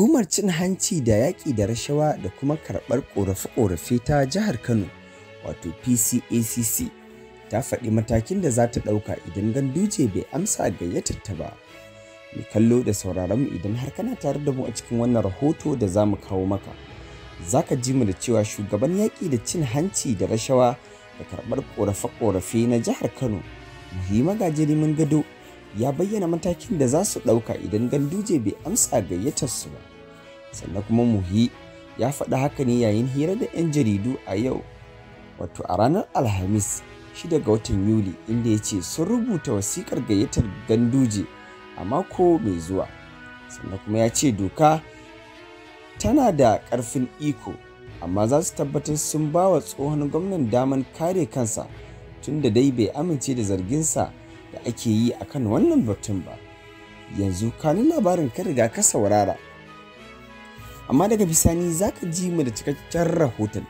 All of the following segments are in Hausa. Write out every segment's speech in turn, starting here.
Hukumar cin hanci da yaƙi da rashawa da kuma karɓar ƙorafe-ƙorafe ta jihar Kano wato PCACC ta faɗi matakin da za ta ɗauka idan ganduje bai amsa gayyatar ta ba. Mai kallo da sauraron idan har kana tare da mu a cikin wannan rahoto da za mu kawo maka. Za ka ji mu da cewa shugaban yaƙi da cin hanci da rashawa da karɓar ƙorafe-ƙorafe na jihar Kano Muhimma mun Gado ya bayyana matakin da za su ɗauka idan ganduje bai amsa gayyatar su ba. sannan kuma muhi ya faɗi haka ne yayin hira da 'yan jaridu a yau wato a ranar alhamis 6 ga watan yuli inda ya ce sun rubuta wasikar gayyatar ganduje a mako mai zuwa sannan kuma ya ce doka tana da ƙarfin iko amma za su tabbatar sun ba wa tsohon gwamnan daman kare kansa tun da dai bai amince da zarginsa da ake yi akan wannan batun ba yanzu kanun labarin ka riga ka saurara amma daga bisani za ka ji mu da cikakken rahoton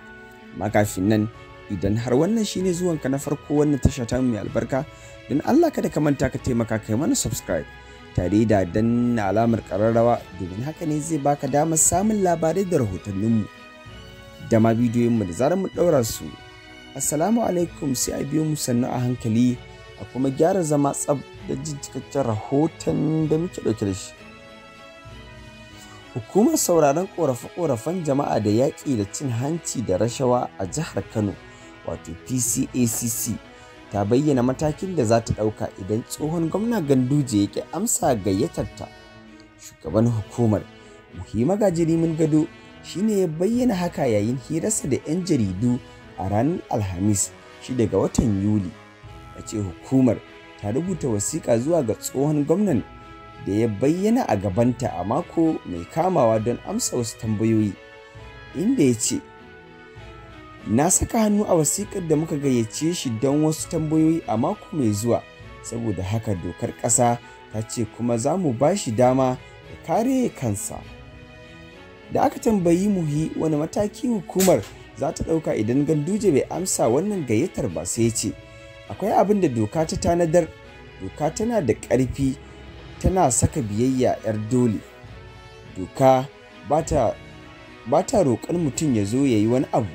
amma kafin nan idan har wannan shine zuwanka na farko wannan tasha ta mai albarka don allah kada ka manta ka taimaka kai mana subscribe tare da danna alamar kararrawa domin haka ne zai baka damar samun labarai da rahotanninmu da ma bidiyoyinmu da zarar mu daura su assalamu alaikum sai a biyo mu sannu a hankali a kuma gyara zama tsab da jin cikakken rahoton da muke ɗauke da shi Hukumar sauraron ƙorafe-ƙorafen jama'a da yaƙi da cin hanci da rashawa a jihar Kano, wato PCACC, ta bayyana matakin da za ta ɗauka idan tsohon gwamna Ganduje ya ƙi amsa gayyatarta. Shugaban hukumar, Muhimma mun Gado, shine ya bayyana haka yayin hirarsa da 'yan jaridu a ranar Alhamis, shida ga watan Yuli. A ce hukumar ta rubuta wasiƙa zuwa ga tsohon gwamnan da ya bayyana a gabanta a mako mai kamawa don amsa wasu tambayoyi inda ya ce na saka hannu a wasiƙar da muka gayyace shi don wasu tambayoyi a mako mai zuwa saboda haka dokar ƙasa ta ce kuma za mu ba shi dama da kare kansa da aka tambayi muhi wani mataki hukumar za ta ɗauka idan ganduje bai amsa wannan gayyatar ba sai ce akwai abin da doka ta tanadar doka tana da ƙarfi tana saka biyayya 'yar dole doka ba ta roƙar mutum ya zo ya yi wani abu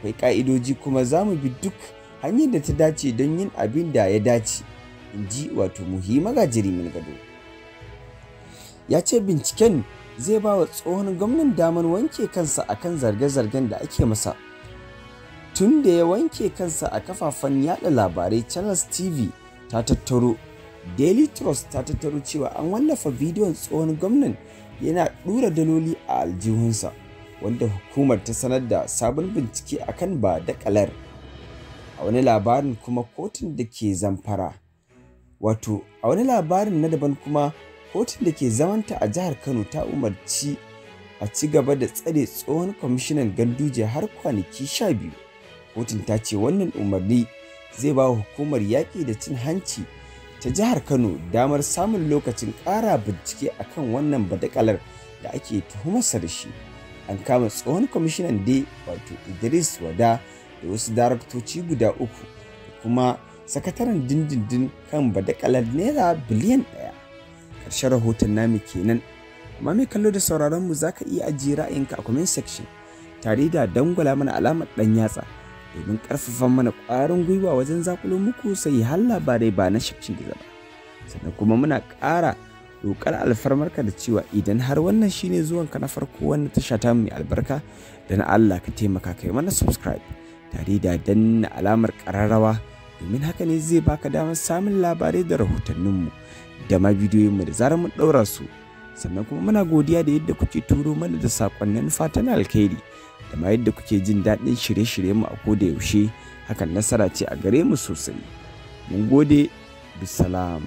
akwai ƙa'idoji kuma za mu bi duk hanyar da ta dace don yin abin da ya dace in ji wato muhi magajiri gado ya ce binciken zai ba wa tsohon gwamnan damar wanke kansa a kan zarge-zargen da ake masa tun da ya wanke kansa a kafafen yada labarai channels tv ta tattaro daily trust ta tattaro cewa an wallafa bidiyon tsohon gwamnan yana ɗura daloli a aljihunsa wanda hukumar ta sanar da sabon bincike akan ba da kalar a wani labarin kuma kotun da ke zamfara wato a wani labarin na daban kuma kotun da ke zamanta a jihar kano ta umarci a ci gaba da tsare tsohon kwamishinan ganduje har kwanaki sha biyu kotun ta ce wannan umarni zai ba hukumar yaƙi da cin hanci ta jihar Kano damar samun lokacin ƙara bincike akan wannan badakalar da ake tuhumarsa da shi. An kama tsohon kwamishinan dai wato Idris Wada da wasu daraktoci guda uku da kuma sakataren dindindin kan badakalar naira biliyan ɗaya. Ƙarshen rahoton namu kenan. Amma mai kallo da sauraron mu za ka iya ajiye ra'ayinka a comment section tare da dangwala mana alamar ɗan yatsa. domin karfafan mana kwarin gwiwa wajen zakulo muku sai har labarai ba na shafshin gizo ba sannan kuma muna ƙara roƙar alfarmarka da cewa idan har wannan shine zuwanka na farko wannan tasha ta mai albarka dan Allah ka taimaka kai mana subscribe tare da danna alamar ƙararrawa domin haka ne zai baka damar samun labarai da rahotanninmu da ma bidiyoyinmu da zarar mun ɗaura su sannan kuma muna godiya da yadda kuke turo mana da sakonnin fatan alkhairi da ma yadda kuke jin daɗin shirye-shirye mu a da yaushe hakan nasara ce a gare mu sosai mun gode bisalam